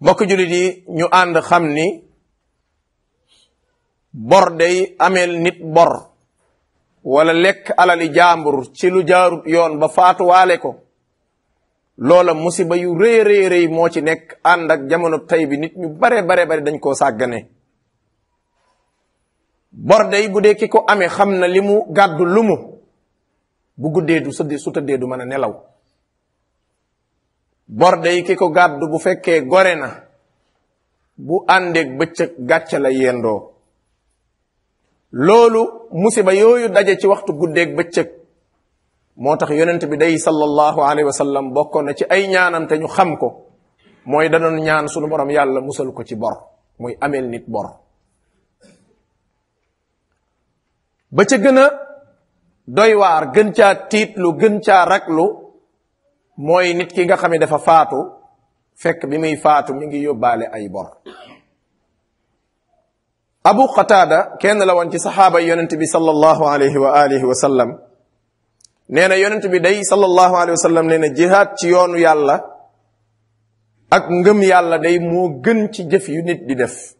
mbokk jullit yi ñu ànd xam ni bor day ameel nit bor wala lekk alali jaambur ci lu jaarut yoon ba faatuwaale ko loola musiba yu rëy rëy rëy moo ci nekk ànd ak jamono tey bi nit ñu bare bare bare dañ koo sàggane bor dey bu dee ki ko ame xam na li mu gàddu lumu bu guddee du sëddi su tëddee du mën a nelaw borde yi ki ko gàddu bu fekkee gore na bu àndeeg bëccëg gàcce la yendoo loolu musiba yooyu daje ci waxtu guddeeg bëccëg moo tax yonent bi day sallallahu alayhi wa bokkoon na ci ay ñaanam te ñu xam ko mooy da doon ñaan sunu borom yàlla musal ko ci bor muy ameel nit bor ba ca gën a doy waar gën caa tiitlu gën caa raglu mooy nit ki nga xam ne dafa faatu fekk bi muy faatu mi ngi yóbbaale ay bor abu qataada kenn la woon ci saxaaba yonent bi sallallahu alayhi wa alihi wa sallam nee na yonent bi day sallallahu alayhi wa sallam nee na jihaad ci yoonu yàlla ak ngëm yàlla day moo gën ci jëf yu nit di def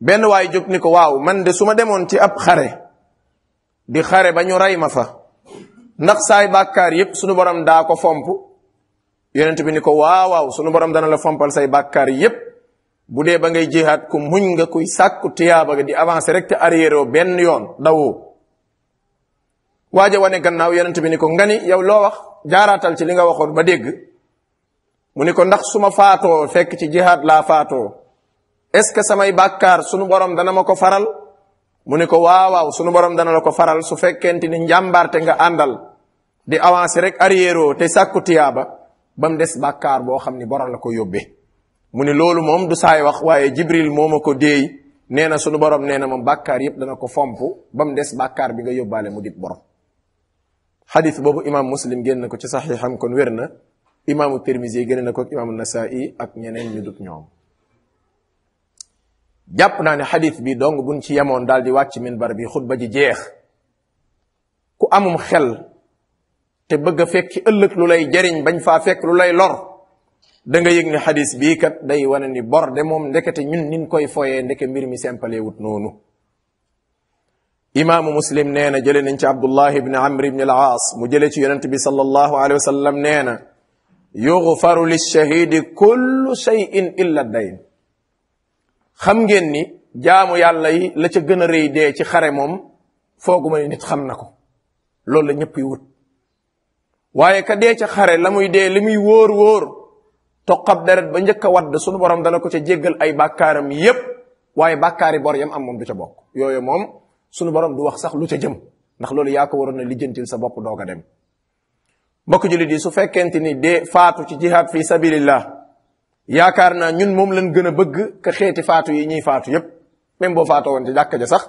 benn waay jóg ni ko waaw man de su ma demoon ci ab xare di xare ba ñu ma fa ndax saay bakkar yep sunu borom da ko fomp yonent bi ni ko waaw waaw sunu borom dana la fompal say bakkar yep budé ba ngay jihad ku muñ nga kuy sakku tiyaba ga di avancer rek te arrière ben yoon dawo waaja wane gannaaw yonent bi ni ko ngani yow lo wax jaaratal ci li nga waxon ba deg mu ni ko ndax suma sunubaram fekk ci jihad la faato est ce que samay bakkar sunu borom dana mako faral mu ne ko waawaaw sunu borom dana la ko faral su fekkente ni njàmbaarte nga àndal di avancer rek arrière te sàkku tiyaaba ba mu des bàkkaar boo xam ni borom la ko yóbbee mu ne loolu moom du saay wax waaye jibril moo ma ko déey nee na sunu borom nee na moom bàkkaar yëpp dana ko fomp ba des bàkkaar bi nga yóbbaale mu dib borom xadis boobu imam muslim génn na ko ci saxiixam kon wér na imaamu tirmisi génn na ko ak imaamu nasaa'i ak ñeneen ñu dut ñoom jàpp naa ne xadis bi dong buñ ci yemoon daal di wàcc minbar bi xutba ji jeex ku amum xel te bëgg a fekki ëllëg lu lay jariñ bañ faa fekk lu lay lor da nga yëg ne xadis bii kat day wane ni bor de moom ndekete ñun nin koy foyee ndeke mbir mi simpale wut noonu imaamu muslim nee na jële nañ ci abdullah ibn amr ibn al aas mu jële ci yonent bi sallallahu alayhi wa sallam nee na yughfaru lilshahidi kullu shay'in illa dayn xam ngeen ni jaamu yàlla yi la ca gën a rëy dee ci xare moom fooguma ni nit xam na ko loolu la ñëpp yi wut waaye ka dee ca xare la muy dee li muy wóor wóor toqab deret ba njëkk a wadd sunu borom dana ko ca jéggal ay bàkkaaram yëpp waaye bàkkaari bor yam am moom du ca bokk yooyu moom sunu borom du wax sax lu ca jëm ndax loolu yaa ko waroon na lijjantil sa bopp doog a dem mbokk jullit yi su fekkente ni dee faatu ci jihaad fi sabilillah yaakaar naa ñun moom lañ gën a bëgg ka xeeti faatu yi ñuy faatu yépp même boo faatoo woon ci jàkka ja sax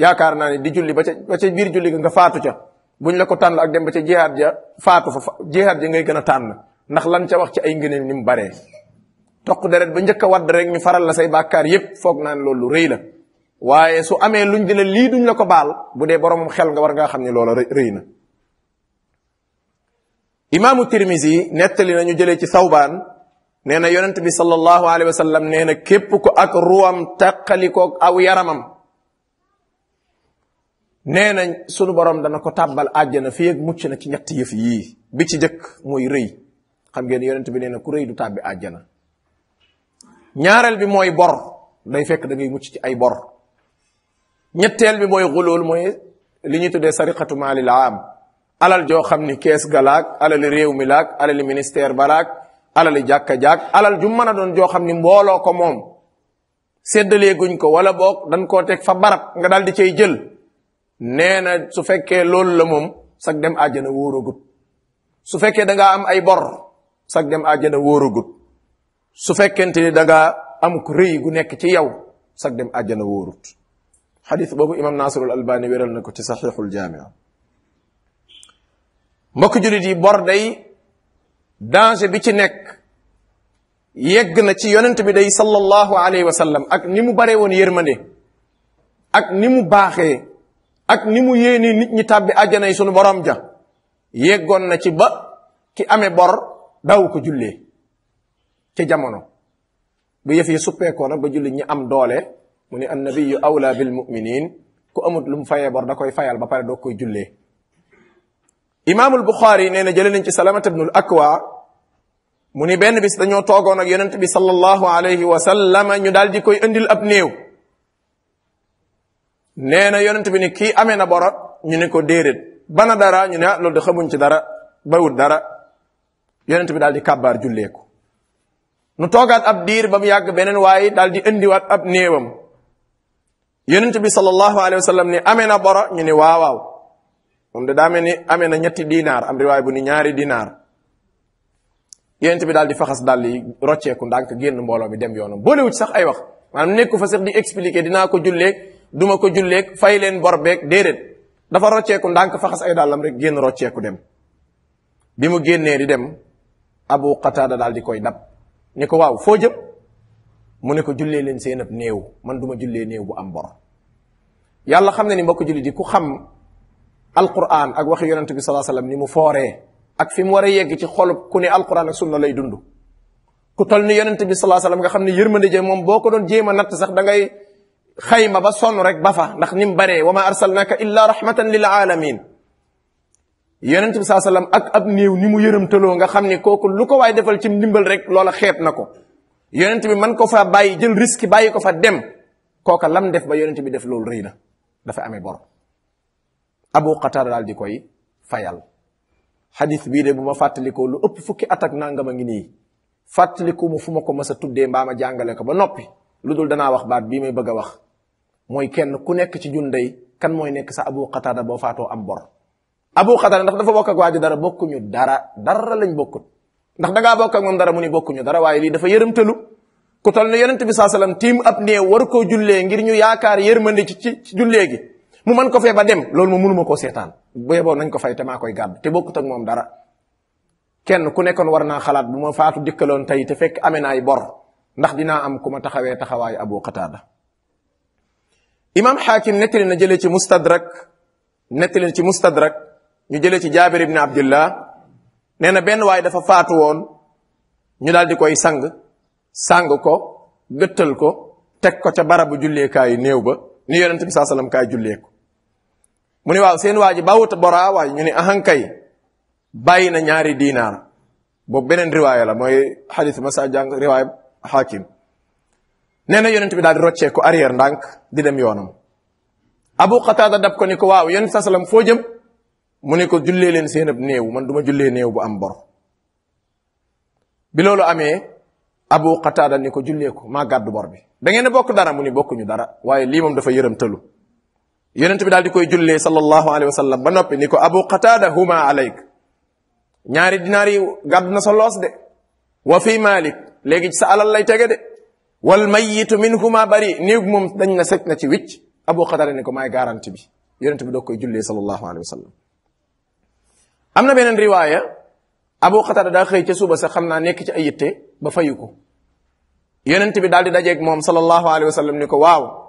yaakaar naa ne di julli ba ca ca biir julli ga nga faatu ca buñ la ko tànn ak dem ba ca jihaad ja faatu fa jihaad ja ngay gën a tànn ndax lan ca wax ci ay ngëneel ni mu baree toq deret ba njëkk a wadd rek ñu faral la say bàkkaar yépp foog naa naan loolu rëy la waaye su amee luñ dina lii duñ la ko baal bu dee boromam xel nga war ngaa xam ne loola rëy na imaamu tirmisi nettali na ñu jëlee ci sawbaan nee na yonent bi sallallahu alayhi wa sallam nee na képp ko ak ruwam tàqalikoog aw yaramam nee na sunu borom dana ko tàbbal àjjana fii ak mucc na ci ñetti yëf yii bi ci jëkk mooy rëy xam ngeen yonent bi nee na ku rëy du tàbbi àjjana ñaareel bi mooy bor day fekk da ngay mucc ci ay bor ñetteel bi mooy xulul mooy li ñuy tuddee sariqatu maalil aam alal joo xam ni kees galaak alali réew mi laak alali ministère balaak alali jàkka jàkk alal ju mën a doon joo xam ni mbooloo ko moom séddaleeguñ ko wala boog dañ koo teg fa barab nga daal di cay jël nee na su fekkee loolu la moom sag dem àjjana wóoragut su fekkee da ngaa am ay bor sag dem àjjana su fekkente ni da am ku rëy gu nekk ci yow sag dem àjjana wóorut xadis boobu imam nasirul albani wéral na ko ci saxiixul jaamia mbokk julit yi bor day danger bi ci nekk yegg na ci yonent bi day sallallahu alayhi wa sallam ak ni mu bare woon yërmande ak ni mu baaxe ak ni mu yéene nit ñi tàbbi àjjana yi sunu borom ja yeggoon na ci ba ki amee bor daw ko jullee ci jamono bu yëf yi suppeekoo nag ba jullit ñi am doole mu ne annabiyu awla bil muminin ku amut lu mu fayee bor da koy fayal ba pare doo koy jullee imaamul buxaari nee na jëlee nañ ci salamata ibnul akwa mu ni benn bis dañoo toogoon ak yonent bi sallallahu alayhi wa sallam ñu daal di koy indil ab néew nee na yonent bi ni kii amee na boro ñu ne ko déedéet bana dara ñu ne ah loolu de xamuñ ci dara bayut dara yonent bi daal di kàbbaar julleeku nu toogaat ab diir ba mu yàgg beneen waaye daal di indiwaat ab néewam yonent bi sallallahu alayhi wa ni amee na boro ñu ne waaw waaw moom de daa mel ni amee na ñetti dinaar am bu ni ñaari dinaar yonent bi daal di faxas daal rocce ku ndank genn mbolo mi dem yoonam bo lewut sax ay wax manam neeku fa di expliquer dina ko julle duma ko julle fay len borbek dedet dafa dafa ku ndank faxas ay dalam rek rocce ku dem bi mu di dem abu qatada daal di koy dab niko waw fo jëm mu ne ko jullee man duma julle néew bu am bor yalla xamne ni mbok julli di ku xam alquran ak waxi yaronte bi salaa wasallam ni mu ak fi mu war a yegg ci xolub ku ne alquran ak sunna lay dund ku toll ni yonent bi salaa salaam nga xam ne yërmande je moom boo ko doon jéem a natt sax da xayma ba sonn rek ba fa ndax ni mu baree wa ma arsalnaka illa rahmatan lil alamin yonent bi saa salaam ak ab néew ni mu yërëmtaloo nga xam ni kooku lu ko waay defal ci ndimbal rek loola xeeb na ko yonent bi mën ko fa bàyyi jël risque bàyyi ko fa dem kooka lam def ba yonent bi def loolu rëy na dafa amee bor abu qatar daal di koy fayal xadis bii de bu ma fàttalikoo lu ëpp fukki at ak nangam a ngi nii fàttaliku mu fu ma ko mas a tuddee mbaa ma jàngale ko ba noppi lu dul danaa wax baat bii may bëgg a wax mooy kenn ku nekk ci jun day kan mooy nekk sa abu qatada boo faatoo am bor abu qatada ndax dafa bokk ak waa ji dara bokkuñu dara dara lañ bokkut ndax dangaa bokk ak moom dara mu ni ñu dara waaye lii dafa yërëmtalu ku tol ne yonent bi saa sallam tiim ab nee war koo jullee ngir ñu yaakaar yërmande ci ci jullee gi mu man ko fee ba dem loolu ma mënuma koo seetaan bu yeboo nañ ko fay te maa koy gàdd te bokkut ak moom dara kenn ku nekkoon war naa xalaat bu ma faatu jëkkaloon tey te fekk amee naay bor ndax dinaa am ku ma taxawee taxawaayu abu qataada imam xaakim nettali na jëlee ci mustadrak nettali na ci mustadrak ñu jëlee ci jaabir ibni abdullah nee na benn waay dafa faatu woon ñu daal di koy sang sang ko gëttal ko teg ko ca barabu julleekaayu néew ba ni yonent bi saa sallam ko mu ne waaw seen waa ji bawut boraa waay ñu ne ahankay bàyyi na ñaari diinaar boobu benen riwaaya la mooy xadis masa jàng riwaaya xaakim nee na yonent bi daal di roccee ko arrière ndànk di dem yoonam abu qataada dab ko ni ko waaw yonent sa salam foo jëm mu ne ko jullee leen seen ab néew man duma jullee néew bu am bor bi loolu amee abu qataada ni ko jullee ko maa gàddu bor bi da ngeen bokk dara mu ni bokkuñu dara waaye lii moom dafa yërëm tëlu yonent bi daal di koy jullee sallallahu alayhi wa sallam ba noppi ni ko abu qatada huma alayk ñaari dinaar yi gàdd na sa loos de wa malik léegi sa alal lay tege de wal mayitu minhuma bari néeg moom dañ na set na ci wicc abu qatada ni ko may garanti bi yonent bi doo koy jullee sallallahu alayhi wa am na beneen riwaaya abu qatada daa xëy ca suba sax xam naa nekk ci ay yitte ba fayu ko bi daal di dajeeg moom sallallahu alayhi wa ni ko waaw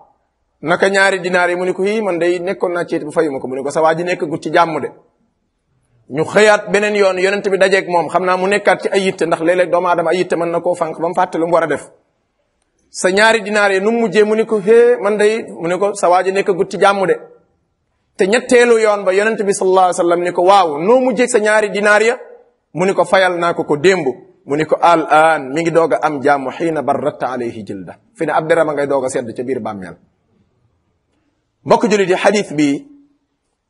naka ñaari dinaar yi mu ne ko yii man day nekkoon naa ci bu fayuma ko mu ne ko sa waa nekk gut ci jàmm de ñu xëyaat beneen yoon yonent bi dajeeg moom xam naa mu nekkaat ci ay yitte ndax léeg-léeg doomu aadama ay yitte mën na ko fànq ba mu lu mu war a def sa ñaari dinaar yi nu mu mujjee mu ne ko hee man day mu ne ko sa waa ji nekk gut ci jàmm de te ñetteelu yoon ba yonent bi sallallahu alayhi wa sallam ko waaw noo mujjee sa ñaari dinaar ya mu ni ko fayal naa ko ko démb mu ni ko al aan mi ngi doog a am jàmm xiina barratta alayhi jilda fi ne ab derama ngay doog a sedd ca biir bàmmeel mbokk julit yi xadis bi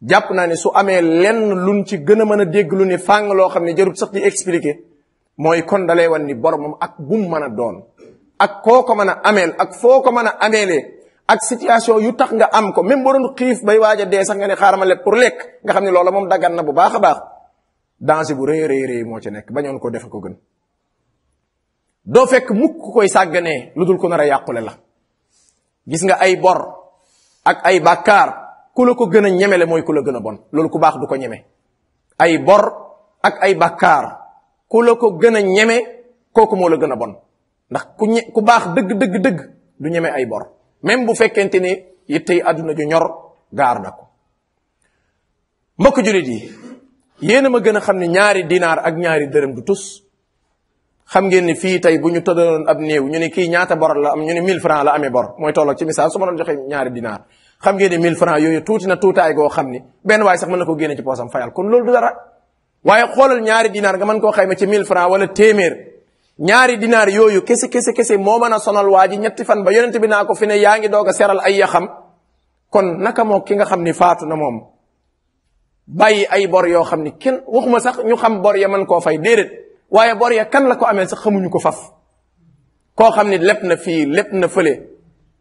jàpp naa ne su amee lenn luñ ci gën a mën a dégg lu ni fàng loo xam ne jarut sax di expliqué mooy kon dalay wan ni boromam ak bum mën a doon ak koo ko mën a ameel ak foo ko mën a ameelee ak situation yu tax nga am ko même bu doon xiif bay waaj a dee sax nga ne xaarama lepp pour lekk nga xam ne loola moom daggan na bu baax a baax danger bu rëy rëy rëy moo ca nekk bañoon ko defe ko gën doo fekk mukk koy sàgganee lu dul ko nar a yàqule la gis nga ay bor ak ay bàkkaar ku la ko gën a ñemele mooy ku la gën a bon loolu ku baax du ko ñeme ay bor ak ay bàkkaar ku la ko gën a ñeme kooku moo la gën a bon ndax ku ñe ku baax dëgg dëgg dëgg du ñeme ay bor même bu fekkente ne yittey àdduna ju ñor gaar na ko mbokk jullit yi yéen a ma gën a xam ne ñaari dinaar ak ñaari dërëm du tus xam ngeen fii tey bu ñu tëddaloon ab néew ñu ne kii ñaata bor la am ñu ne 1000 francs la ame bor mooy tolloog ci misaal su ma doon joxe ñaari dinaar xam ngeen ni 1000 francs yooyu tuuti na tuutaay goo xam ni benn waay sax mën na ko génne ci poosam fayal kon loolu du waaye xoolal ñaari dinaar nga mën koo xayma ci 1000 francs wala téeméer ñaari dinaar yooyu kese kese kese moo mën a sonal waa ji ñetti fan ba yonent bi naa ko fi ne yaa ngi doog a seral ay yaxam kon naka moo ki nga xam ni faatu na moom bàyyi ay bor yoo xam ni kenn waxuma sax ñu xam bor ya mën koo fay déedéet waaye bor ya kan la ko amee sax xamuñu ko faf koo xam ne leb na fii lepp na fële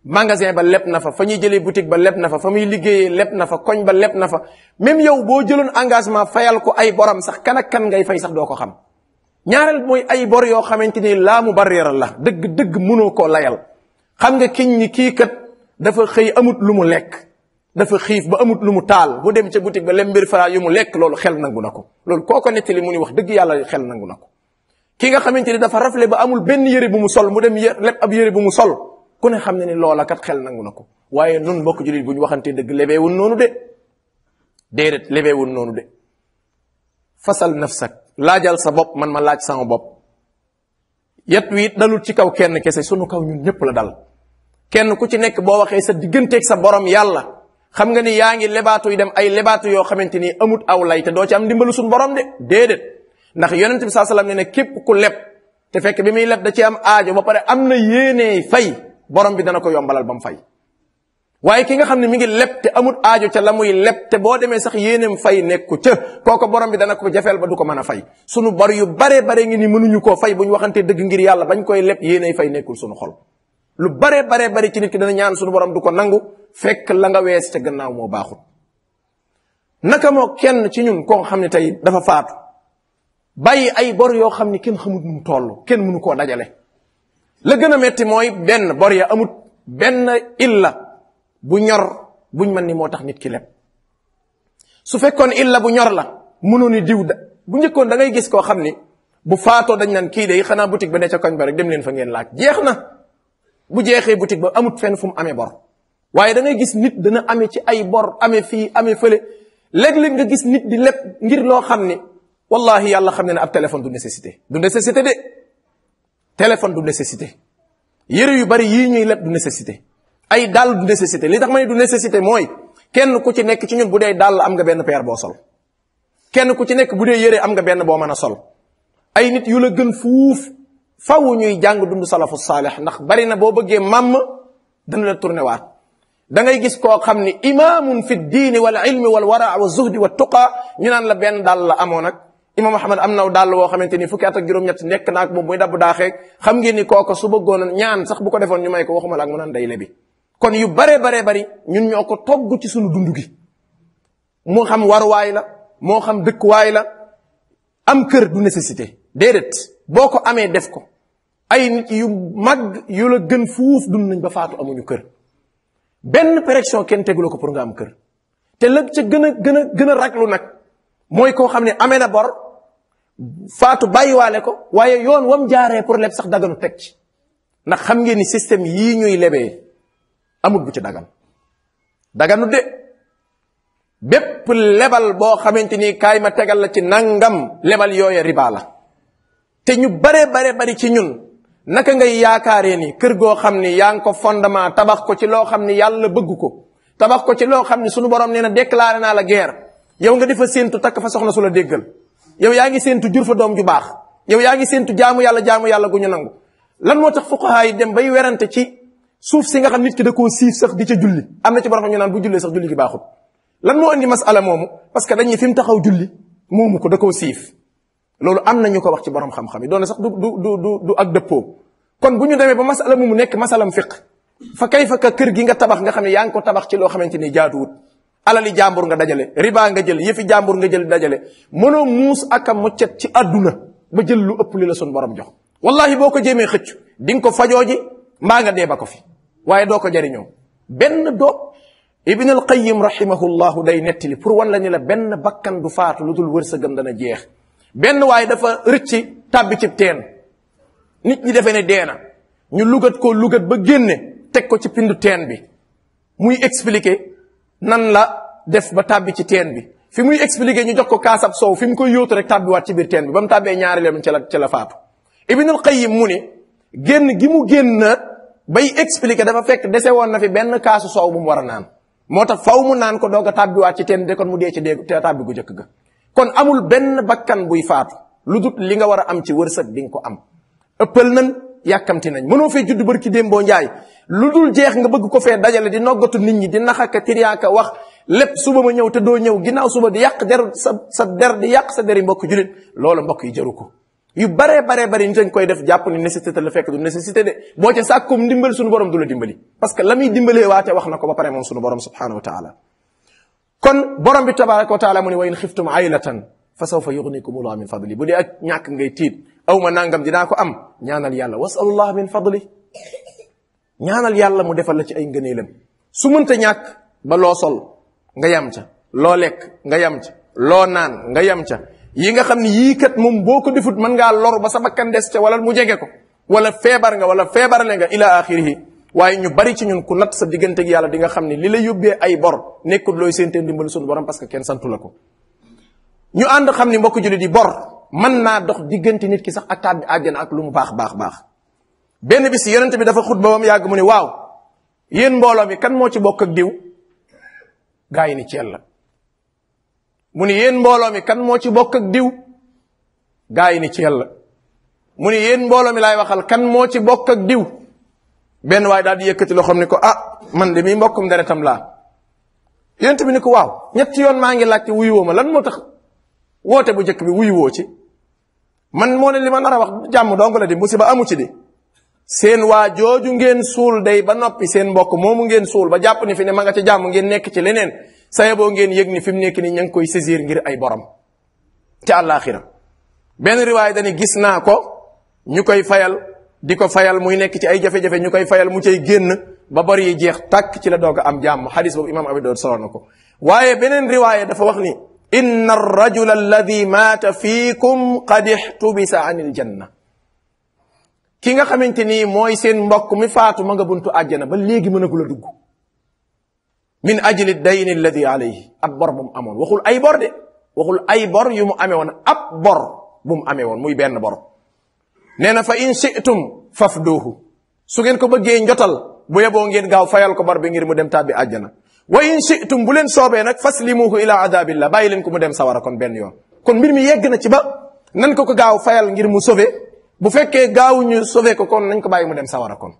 magasin ba lepp na fa fa ñuy jëlee boutique ba lepp na fa fa muy liggéeyee leb na fa koñ ba lepp na fa même yow boo jëloon engagement fayal ko ay boram sax kan ak kan ngay fay sax doo ko xam ñaareel mooy ay bor yoo xamante ni laamu barrière la dëgg dëgg mënoo koo layal xam nga kiñ ni kii kat dafa xëy amut lu mu lekk dafa xiif ba amut lu mu taal bu dem ca boutique ba lem mbir fara yu mu lekk loolu xel nangu na ko loolu koo ko nettali mu ni wax dëgg yàlla xel nangu na ko ki nga xamante ni dafa rafle ba amul benn yére bu mu sol mu dem leb ab yére bu mu sol ku ne xam ne ni loola kat xel nangu na ko waaye nun mbokk jullit bu ñu waxante dëgg lebeewun noonu de déedéet lebeewun noonu de fasal nafsak laajal sa bopp man ma laaj sama bopp yet wiit dalul ci kaw kenn kese sunu kaw ñun ñëpp la dal kenn ku ci nekk boo waxee sa digganteek sa borom yàlla xam nga ni yaa ngi lebaatuy dem ay lebaatu yoo xamante ni amut aw lay te doo ci am ndimbalu suñu borom de déedéet ndax yonent bi saa salaam ne ne képp ku leb te fekk bi muy leb da ci am aajo ba pare am na yéene fay borom bi dana ko yombalal ba mu fay waaye ki nga xam ne mu ngi leb te amul aajo ca la muy leb te boo demee sax yéeneem fay nekku ca kooko borom bi dana ko jafeel ba du ko mën a fay sunu bor yu bare bare ngi nii mënuñu koo fay bu ñu waxantee dëgg ngir yàlla bañ koy leb yéeney fay nekkul sunu xol lu bare bare bari ci nit ki dana ñaan sunu borom du ko nangu fekk la nga wees ca gannaaw moo baaxut naka moo kenn ci ñun koo xam ne tey dafa faatu bàyyi ay bor yoo xam ni kenn xamut mu toll kenn mënu koo dajale la gën a metti mooy benn bor ya amut benn illa bu ñor buñ man ni moo tax nit ki leb su fekkoon illa bu ñor la mënu ni diw da bu njëkkoon da ngay gis koo xam ni bu faatoo dañ nan kii day xanaa boutique ba ne ca koñ ba rek dem leen fa ngeen laaj jeex bu jeexee boutique ba amut fenn fu mu amee bor waaye da ngay gis nit dana amee ci ay bor amee fii amee fële léeg-léeg nga gis nit di leb ngir loo xam wallahi yàlla xam ne ne ab téléphone du nécessité du nécessité de téléphone du nécessité yére yu bari yii ñuy leb du nécessité ay dàll du nécessité li tax ma ne du nécessité mooy kenn ku ci nekk ci ñun bu dee dàll am nga benn paire boo sol kenn ku ci nekk bu dee yëre am nga benn boo man a sol ay nit yu la gën fuuf faw ñuy jàng dund salafu saalix ndax bari na boo bëggee màmm dana la tourné waa da ngay gis koo xam ni imaamun fi diini wal ilmi wal wara wa zuhdi wa tuqa ñu naan la benn dàll la amoon nag imam ahmad amna na dàll woo xamante ni fukki at ak juróom-ñett nekk naak moom muy dabb daaxeeg xam ngeen ni kooko su bëggoon ñaan sax bu ko defoon ñu may ko waxuma la ak mu naan day lebi kon yu bare bare bare ñun ñoo ko togg ci sunu dund gi moo xam waruwaay la moo xam dëkkuwaay la am kër du nécessité déedéet boo ko amee def ko ay nit yu mag yu la gën fuuf dund nañ ba faatu amuñu kër benn pression kenn teguloo ko pour nga am kër te la ca gën a gën a gën a raglu nag mooy koo xam ne amee na bor faatu bàyyiwaale ko waaye yoon wam jaaree pour leb sax daganu teg ci ndax xam ngeen ni système yii ñuy lebee amul bu ci dagan daganu de bépp lebal boo xamante ni kaay ma tegal la ci nangam lebal yooye riba la te ñu bare bare bari ci ñun naka ngay yaakaaree ni kër goo xam ni yaa ngi ko fondement tabax ko ci loo xam ni yàlla bëgg ko tabax ko ci loo xam ni sunu borom nee na déclaré naa la guerre yow nga defa séentu takk fa soxna su la déggal yow yaa ngi séentu jur fa doom ju baax yow yaa ngi séentu jaamu yàlla jaamu yàlla gu ñu nangu lan moo tax fuqaha yi dem bay werante ci suuf si nga xam nit ki da koo siif sax di ca julli am na ci borom ñu bu jullee sax julli gi baaxul lan moo indi masala moomu parce que dañuy fi mu taxaw julli moomu ko da loolu am na ko wax ci borom xam-xam yi doone sax du du du du ak dëppoo kon bu ñu demee ba masala moomu nekk masalam fiq fa kay fa ka kër gi nga tabax nga xam ne yaa ngi ko tabax ci loo xamante ni jaaduwut alali jàmbur nga dajale riba nga jël yëfi jàmbur nga jël dajale mënoo muus ak a cet ci àdduna ba jël lu ëpp li la sun borom jox wallahi boo ko jéemee xëccu di nga ko fajoo ji mbaa nga dee ba ko fi waaye doo ko jariñoo benn doo ibn al qayyim rahimahullahu day nettili pour wan la ni la benn bakkan du faatu lu dul wërsëgam dana jeex benn waaye dafa rëcc tàbbi ci teen nit ñi defee ne dee na ñu lugat ko lugat ba génne teg ko ci pindu teen bi muy expliquer nan la def ba tàbbi ci teen bi fi muy expliqué ñu jox ko kaasab soow fi mu koy yóotu rek tàbbiwaat ci biir teen bi ba mu tàbbee ñaari leen ci la ci la faatu ibnul qayyim mu ni génn gi mu génn bay expliqué dafa fekk dese woon na fi benn kaasu soow bu mu war a naan moo tax faw mu naan ko doog a tàbbiwaat ci teen de kon mu dee ci dee tàbbi gu jëkk ga kon amul benn bakkan buy faatu lu dut li nga war a am ci wërsëg di nga ko am ëppal nan yàkkamti nañ mënoo fee judd barki démboo njaay ludul jeex nga bëgg ko fee dajale di noggatu nit ñi di naxaka tiriyaaka wax lépp suba ma ñëw te doo ñëw ginnaaw suba di yàq der sa sa der di yàq sa deri mbokk julit loolu mbokk yi jëru ko yu bare bare bare ñu dañ koy def jàpp ni nécessité la fekk du nécessité de boo ca sàkkum ndimbal suñu borom du la dimbali parce que la muy dimbalee waate wax na ko ba pare moom suñu borom subhanahu wa taala kon borom bi tabaraka wa taala mu ne wa in xiftum aylatan fa sawfa yughnikum allah min fadli bu dee ak ñàkk ngay tiit aw ma nangam dinaa ko am ñaanal yàlla wasalullah min fadli ñaanal yàlla mu defal la ci ay ngëneelam su mënta ñàkk ba loo sol nga yam ca loo lekk nga yam ca loo naan nga yam ca yi nga xam ne yii kat moom boo ko defut mën ngaa lor ba sa bakkan des ca wala mu jege ko wala feebar nga wala feebarale nga ila axirihi waaye ñu bari ci ñun ku natt sa diggante ak yàlla di nga xam ne li la yóbbee ay bor nekkul looy séentee ndimbal sunu borom parce que kenn santu la ko ñu ànd xam ni mbokk julit di bor mën naa dox diggante nit ki sax ak bi àjjana ak lu mu baax baax baax benn bis yonent bi dafa xutba ba mu yàgg mu ne waaw yéen mbooloo mi kan moo ci bokk ak diw gaa yi ni ci la mu ni yéen mbooloo mi kan moo ci bokk ak diw gaa yi ni ci yàlla mu ni yéen mbooloo mi laay waxal kan moo ci bokk ak diw benn waay daal di yëkkati loo ni ko ah man de mi mbokkum deretam laa yonent bi ni ko waaw ñetti yoon maa ngi laajte wuyuwoo ma lan moo tax woote bu njëkk bi wuyuwoo ci man moo ne li ma nar a wax jàmm dong la di musiba amu ci di seen waa jooju ngeen suul day ba noppi seen mbokk moomu ngeen suul ba jàpp ni fi ne ma nga ca jàmm ngeen nekk ci leneen saye boo ngeen yëg ni fi mu nekk ni ña ngi koy saisir ngir ay borom ca àllaaxira benn riwaay dani gis naa ko ñu koy fayal di ko fayal muy nekk ci ay jafe ñu koy fayal mu cay génn ba bor jeex tàkk ci la doog am jàmm xadis boobu imaam Abi ko waaye beneen riwaaya dafa wax ni inna arrajula alladi maata fiikum qad ixtubisa an il janna ki nga xamante ni mooy seen mbokk mi faatu ma nga buntu àjjana ba léegi mënagul a dugg min ajli dayn alladi alayhi ab bor bu mu amoon waxul ay bor de waxul ay bor yu mu amee woon ab bor bu mu amee woon muy benn bor nee na fa in shi'tum fafduuhu su ngeen ko bëggee njotal bu yeboo gen gaaw fayal ko bor bi ngir mu dem tàbbi àjjana wa in shi'tum bu leen soobee nag faslimuhu ila adabillah bàyyi leen ko mu dem sawara kon benn yoon kon mbir mi yegg na ci ba nan ko ko gaaw fayal ngir mu sauver bu fekkee ñu sauvé ko kon nañ ko bàyyi mu dem sawara kon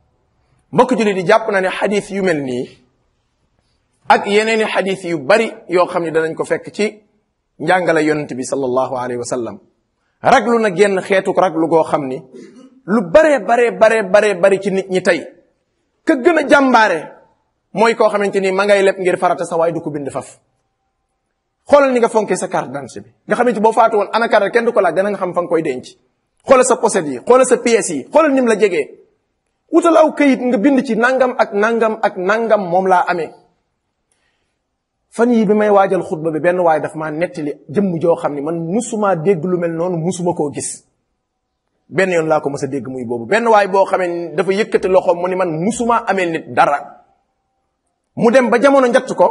mbokk juli di jàpp na ne hadith yu mel nii ak yeneeni hadith yu bari yoo xam ne danañ ko fekk ci njàngale yonent bi sallallahu alayhi wa sallam raglu na genn xeetuk raglu goo xam ni lu bare bare bare bare bari ci nit ñi tey ka gën a jàmbaare mooy koo xamante ni ma ngay leb ngir farata sa waay du ko bind faf xoolal ni nga fonkee sa carte d'identité bi nga xamante boo faatu woon ana carte kenn du ko laaj dana nga xam fa koy denc xoolal sa poset yi xoolal sa pièces yi xoolal nim la jege wutal aw kayit nga bind ci nangam ak nangam ak nangam moom laa amee fan yii bi may waajal xutba bi benn waay dafa ma nettili jëmm joo xam ni man musuma dégg lu mel noonu musuma koo gis benn yoon laa ko mës a dégg muy boobu benn waay boo xamee dafa yëkkati loxoom mu ni man musuma amee nit dara mu dem ba jamono njatt ko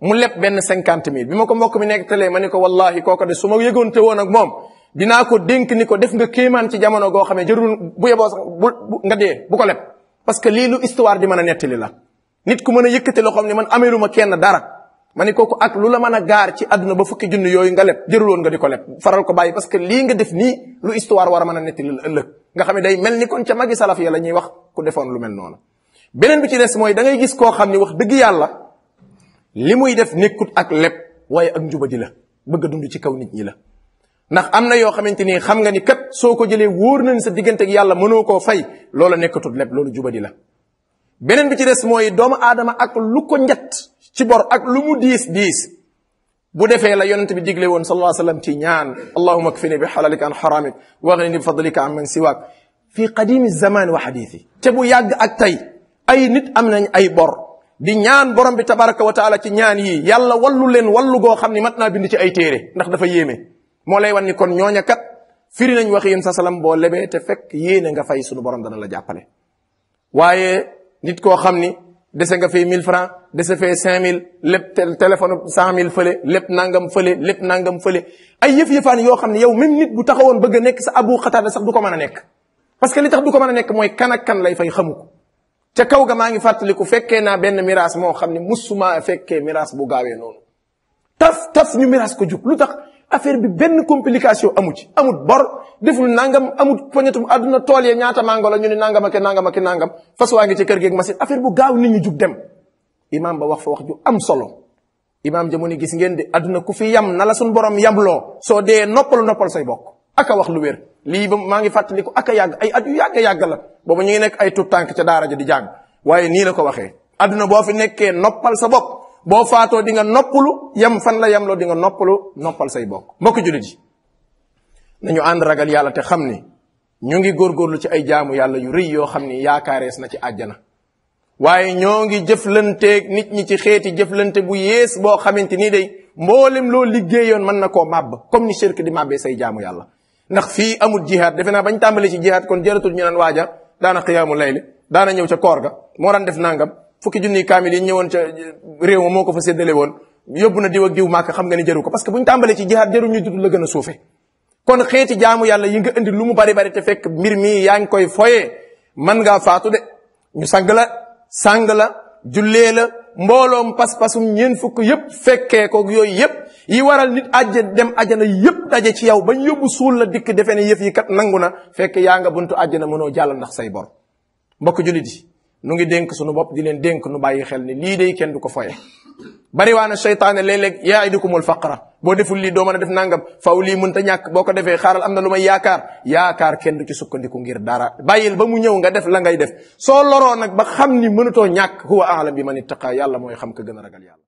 mu leb benn cinquante mille bi ma ko mbokk mi nekk télé ma ni ko wallahi kooka de su ma yëgoonte woon ak moom dinaa ko dénk ni ko def nga kéemaan ci jamono goo xam ne jarul bu yeboo sax bu nga dee bu ko leb parce que lii lu histoire di mën a nettali la nit ku mën a yëkkati loxoom ne man ameelu ma kenn dara ma ni kooku ak lu la mën a gaar ci àdduna ba fukki junn yooyu nga leb jëruloon nga di ko leb faral ko bàyyi parce que lii nga def nii lu histoire war a mën a nettali la ëllëg nga xam ne day mel ni kon ca magi salaf ya la ñuy wax ku defoon lu mel noonu beneen bi ci des mooy da ngay gis koo xam ni wax dëgg yàlla li muy def nekkut ak leb waaye ak njuba ji la bëgg a ci kaw nit ñi la ndax am na yoo xamante ni xam nga ni kat soo ko jëlee wóor na sa diggante yàlla mënoo koo fay loola nekkatul lépp loolu jubadi la beneen bi ci des mooy doomu aadama ak lu ko njat ci bor ak lu mu diis diis bu defee la yonent bi digle woon sallallahu alayhi wa sallam ci ñaan allahuma kfini bi xalalika an xaramik waxnini bi fadlika an man siwaak fi qadimi zaman wa xadithi te bu yàgg ak tey ay nit am nañ ay bor di ñaan borom bi tabaraka wa taala ci ñaan yi yàlla wallu leen wallu goo xam ni mat naa bind ci ay téere ndax dafa yéeme moo lay wan ni kon ñooña kat firi nañ wax yéen sa salam boo lebee te fekk yéene nga fay suñu borom dana la jàppale waaye nit koo xam ni dese nga fay 1000 francs dese fee 5000 lépp cent mille fële lépp nangam fële lépp nangam fële ay yëf-yëfaan yoo xam ne yow même nit bu taxawoon bëgg a nekk sa abu xataada sax du ko mën a nekk parce que li tax du ko mën a nekk mooy kan ak kan lay fay xamu ko ca kaw ga maa ngi fàttaliku fekkee naa benn miraas moo xam ne musuma fekkee miraas bu gaawee noonu taf ko jub lu tax affaire bi benn complication amu ci amut bor deful nangam amut poñatum aduna tool ya ñaata mango la ñu ni nangam ak nangam ak nangam fas waa ngi ci kër masjid affaire bu gaaw nit ñi juk dem imam ba wax fa wax ju am solo imam jamu ni gis ngeen de aduna ku fi yam nala sun borom yamloo so de noppal noppal say bok aka wax lu wér li ba ma ngi ko aka yag ay adu yu yàgg la boobu ñu ngi nekk ay tout tank ci daara ji di jang waye ni la ko waxe aduna bo fi nekké noppal sa bok bo faato di nga noppulu yam fan la lo di nga noppulu noppal say bok mbok julit yi nañu and ragal yalla te xamni ñu ngi góorgóorlu ci ay jaamu yalla yu reey yo xamni ni na ci aljana waye ñoo ngi jëflante nit ñi ci xéeti jëflante bu yees bo xamante ni day mbolim lo liggéeyoon man na koo comme ni shirk di mabbe say jaamu yalla ndax fi amul jihad defena bañ tambali ci jihad, kon jëratul ñu nan waja daana qiyamul layl daana ñew ci koor ga mo ran def nangam fukki junniy kaamil yi ñëwoon ca réew ma moo ko fa séddale woon yóbbu na diw a diw màkk xam nga ni jëru ko parce que bu ñu tàmbalee ci jihaad jëru ñu dudd la gën a suufe kon xeeti jaamu yàlla yi nga indi lu mu bari bari te fekk mbir mi yaa ngi koy fooyee man ngaa faatu de ñu sang la sang la jullee la mbooloom pas-pasum ñeen fukk yépp fekkee ko yooyu yépp yi waral nit ajj dem àjjana yépp daje ci yow ñu yóbbu suul la dikk defe ne yëf yi kat nangu na fekk yaa nga buntu àjjana mënoo jàll ndax say bor mbokk jullit nu ngi dénk sunu bop di len dénk nu bàyyi xel ni li day ken du ko foye bari wana shaytan léeg-léeg yaaidukumul faqra bo deful li do meuna def nangam faw lii mënta ñak boko defé defee xaaral am na yaakar may yaakaar du ci sukkandiku ngir dara bayil ba mu ñëw nga def la ngay def so loro nak ba xamni meunuto ñak huwa a'lam bi man ittaqa yàlla moy xam ka gëna ragal yàlla